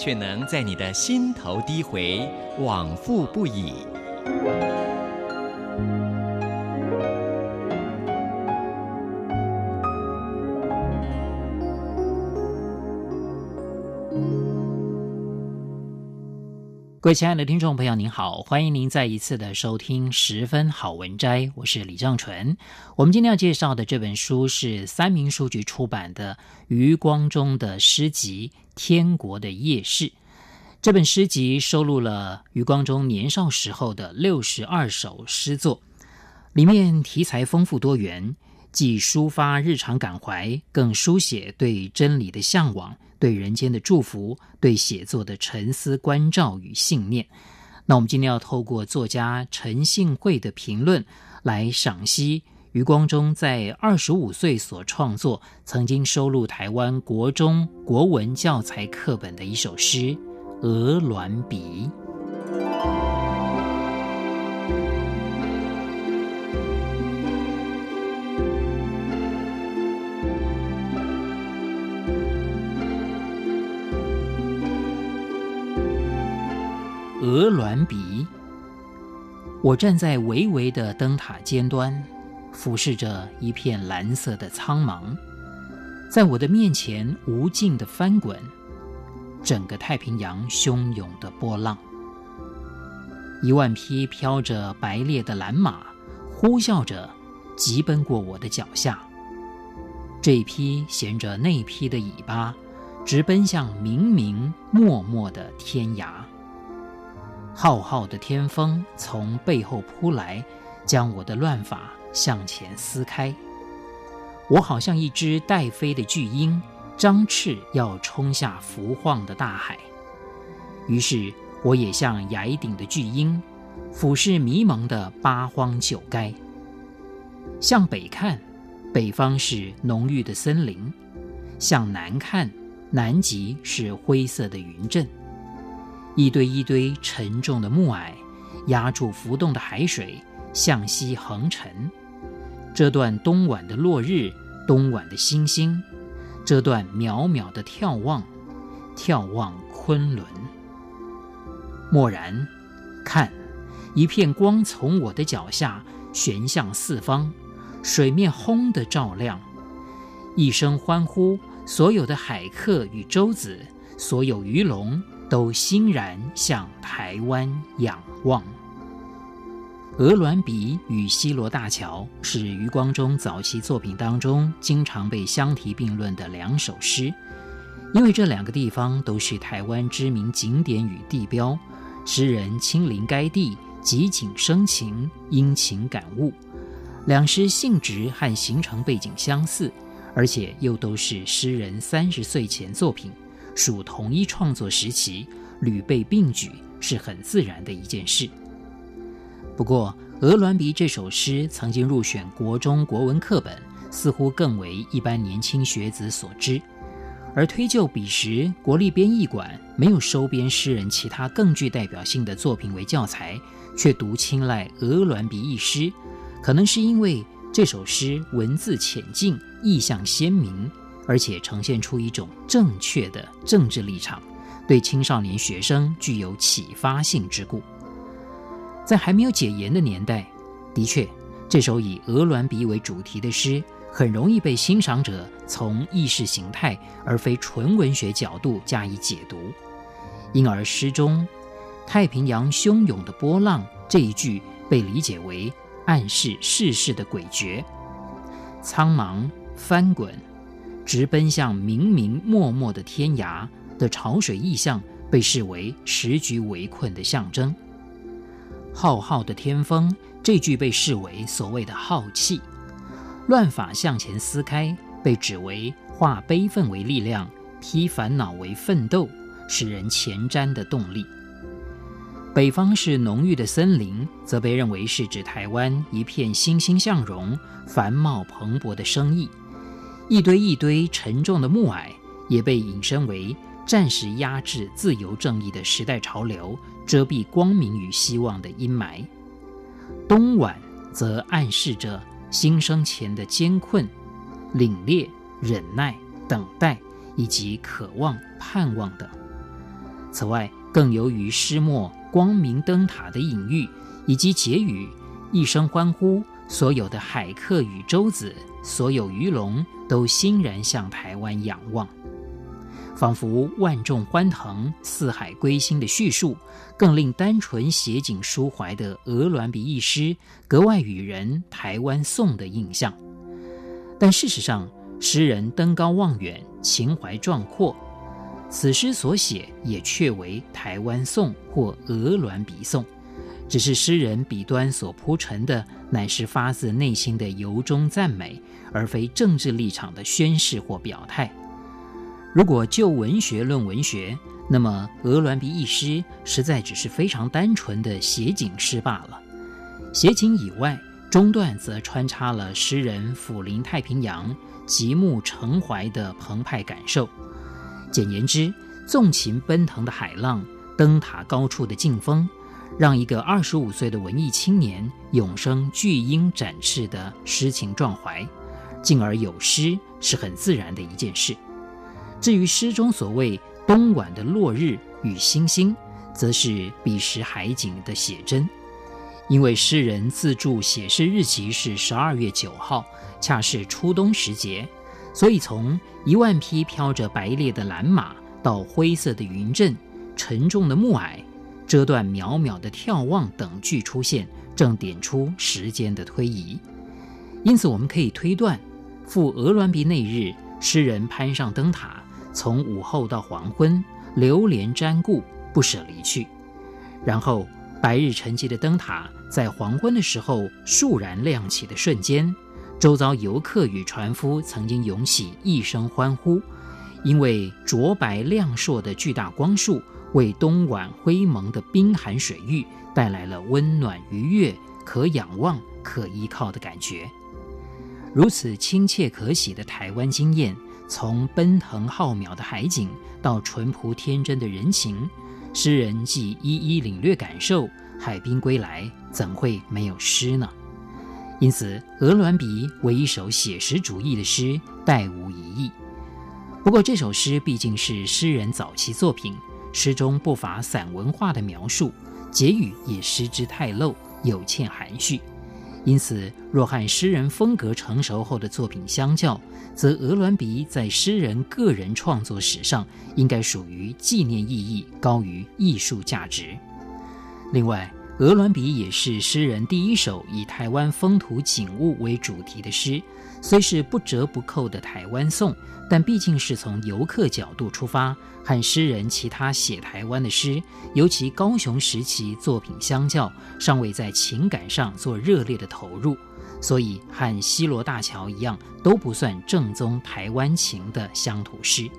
卻能在你的心頭低回，往復不已。各位親愛的聽眾朋友，您好，歡迎您再一次的收聽《十分好文摘》，我是李尚純。我們今天要介紹的這本書是三民書局出版的余光中的詩集《天國的夜市》。這本詩集收錄了余光中年少時候的六十二首詩作，裡面題材豐富多元。既抒發日常感懷，更書寫對真理的嚮往、對人間的祝福、對寫作的沉思關照與信念。那我們今天要透過作家陳信惠的評論來賞析余光中在二十五歲所創作、曾經收錄台灣國中國文教材課本的一首詩《鵝鑾鼻》。鵝銮鼻，我站在巍巍的燈塔尖端，俯視着一片藍色的蒼茫，在我的面前無盡的翻滾，整個太平洋洶湧的波浪，一萬匹飄着白鬣的藍馬，呼嘯着急奔過我的腳下，這一匹銜着那一匹的尾巴，直奔向明明漠漠的天涯。浩浩的天風從背後撲來，將我的亂髮向前撕開。我好像一隻待飛的巨鷹，張翅要衝下浮晃的大海。於是，我也像崖頂的巨鷹，俯視迷濛的八荒九垓。向北看，北方是濃郁的森林；向南看，南極是灰色的雲陣。一堆一堆沉重的暮靄壓住浮動的海水，向西橫沉。這段冬晚的落日，冬晚的星星，這段渺渺的眺望，眺望崑崙。驀然，看，一片光從我的腳下旋向四方，水面轟的照亮，一聲歡呼，所有的海客與舟子，所有魚龍，都欣然向台灣仰望。鵝鑾鼻與西螺大橋是余光中早期作品當中經常被相提並論的兩首詩，因為這兩個地方都是台灣知名景點與地標，詩人親臨該地，即景生情，因情感悟。兩詩性質和形成背景相似，而且又都是詩人三十歲前作品。屬同一創作時期，屢被並舉是很自然的一件事。不過，《鵝鑾鼻》這首詩曾經入選國中國文課本，似乎更為一般年輕學子所知。而推究彼時國立編譯館沒有收編詩人其他更具代表性的作品為教材，卻獨青睞《鵝鑾鼻》一詩，可能是因為這首詩文字淺近，意象鮮明。而且呈現出一種正確的政治立場，對青少年學生具有啟發性之故。在還沒有解嚴的年代，的確，這首以鵝鑾鼻為主題的詩很容易被欣賞者從意識形態而非純文學角度加以解讀，因而詩中“太平洋洶湧的波浪”這一句被理解為暗示世事的詭譎、蒼茫翻滾。直奔向冥冥漠漠的天涯的潮水意象，被視為時局圍困的象徵。浩浩的天風這句被視為所謂的浩氣，亂髮向前撕開，被指為化悲憤為力量，披煩惱為奮鬥，使人前瞻的動力。北方是濃郁的森林，則被認為是指台灣一片欣欣向榮、繁茂蓬勃的生意。一堆一堆沉重的暮靄，也被引申為暫時壓制自由正義的時代潮流，遮蔽光明與希望的陰霾。冬晚則暗示着新生前的艱困、凛冽、忍耐、等待以及渴望、盼望等。此外，更由於詩末光明燈塔的隱喻，以及結語一聲歡呼。所有的海客與舟子，所有魚龍，都欣然向台灣仰望，仿佛萬眾歡騰、四海歸心的敘述，更令單純寫景抒懷的鵝鑾鼻一詩，格外予人台灣頌的印象。但事實上，詩人登高望遠，情懷壯闊，此詩所寫也確為台灣頌或鵝鑾鼻頌。只是詩人筆端所鋪陳的，乃是發自內心的由衷讚美，而非政治立場的宣誓或表態。如果就文學論文學，那麼《鵝鑾鼻一詩》實在只是非常單純的寫景詩罷了。寫景以外，中段則穿插了詩人俯臨太平洋、極目澄懷的澎湃感受。簡言之，縱情奔騰的海浪，燈塔高處的勁風。讓一個二十五歲的文藝青年永生巨鷹展翅的詩情壯懷，進而有詩是很自然的一件事。至於詩中所謂冬晚的落日與星星，則是彼時海景的寫真。因為詩人自註寫詩日期是十二月九號，恰是初冬時節，所以從一萬匹飄着白列的藍馬到灰色的雲陣、沉重的暮靄，遮斷渺渺的眺望等句出現，正點出時間的推移。因此，我們可以推斷，赴鵝鑾鼻那日，詩人攀上燈塔，從午後到黃昏，流連瞻顧，不捨離去。然後，白日沉寂的燈塔在黃昏的時候，倏然亮起的瞬間，周遭遊客與船夫曾經湧起一聲歡呼，因為灼白亮爍的巨大光束。為東莞灰濛的冰寒水域帶來了溫暖愉悅、可仰望、可依靠的感覺。如此親切可喜的台灣經驗，從奔騰浩渺的海景到淳樸天真的人情，詩人既一一領略感受，海濱歸來怎會沒有詩呢？因此，《鵝卵鼻》為一首寫實主義的詩，殆無疑議。不過，這首詩畢竟是詩人早期作品。詩中不乏散文化的描述，結語也失之太露，有欠含蓄。因此，若和詩人風格成熟後的作品相較，則《鵝鑾鼻》在詩人個人創作史上應該屬於紀念意義高於藝術價值。另外，《鵝鑾鼻》也是詩人第一首以台灣風土景物為主題的詩，雖是不折不扣的台灣頌，但畢竟是從遊客角度出發，和詩人其他寫台灣的詩，尤其高雄時期作品相較，尚未在情感上做熱烈的投入，所以和《西螺大橋》一樣，都不算正宗台灣情的鄉土詩。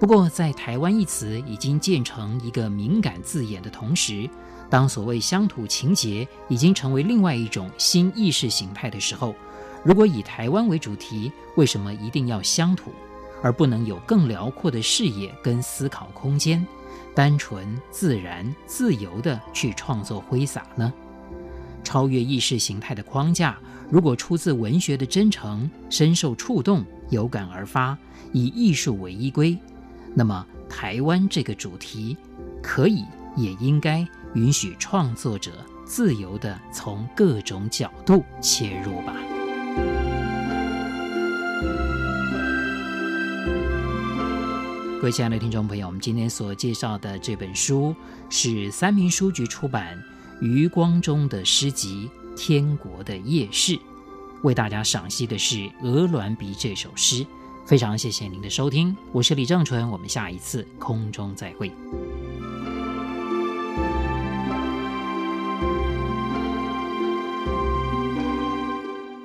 不過，在“台灣”一詞已經漸成一個敏感字眼的同時，當所謂鄉土情結已經成為另外一種新意識形態的時候，如果以台灣為主題，為什麼一定要鄉土，而不能有更遼闊的視野跟思考空間，單純自然自由地去創作揮灑呢？超越意識形態的框架，如果出自文學的真誠，深受觸動，有感而發，以藝術為依歸，那麼台灣這個主題，可以也應該。允許創作者自由地從各種角度切入吧。各位親愛的聽眾朋友，我們今天所介紹的這本書是三民書局出版余光中的詩集《天國的夜市》，為大家賞析的是《鵝鑾鼻》這首詩。非常謝謝您的收聽，我是李正淳，我們下一次空中再會。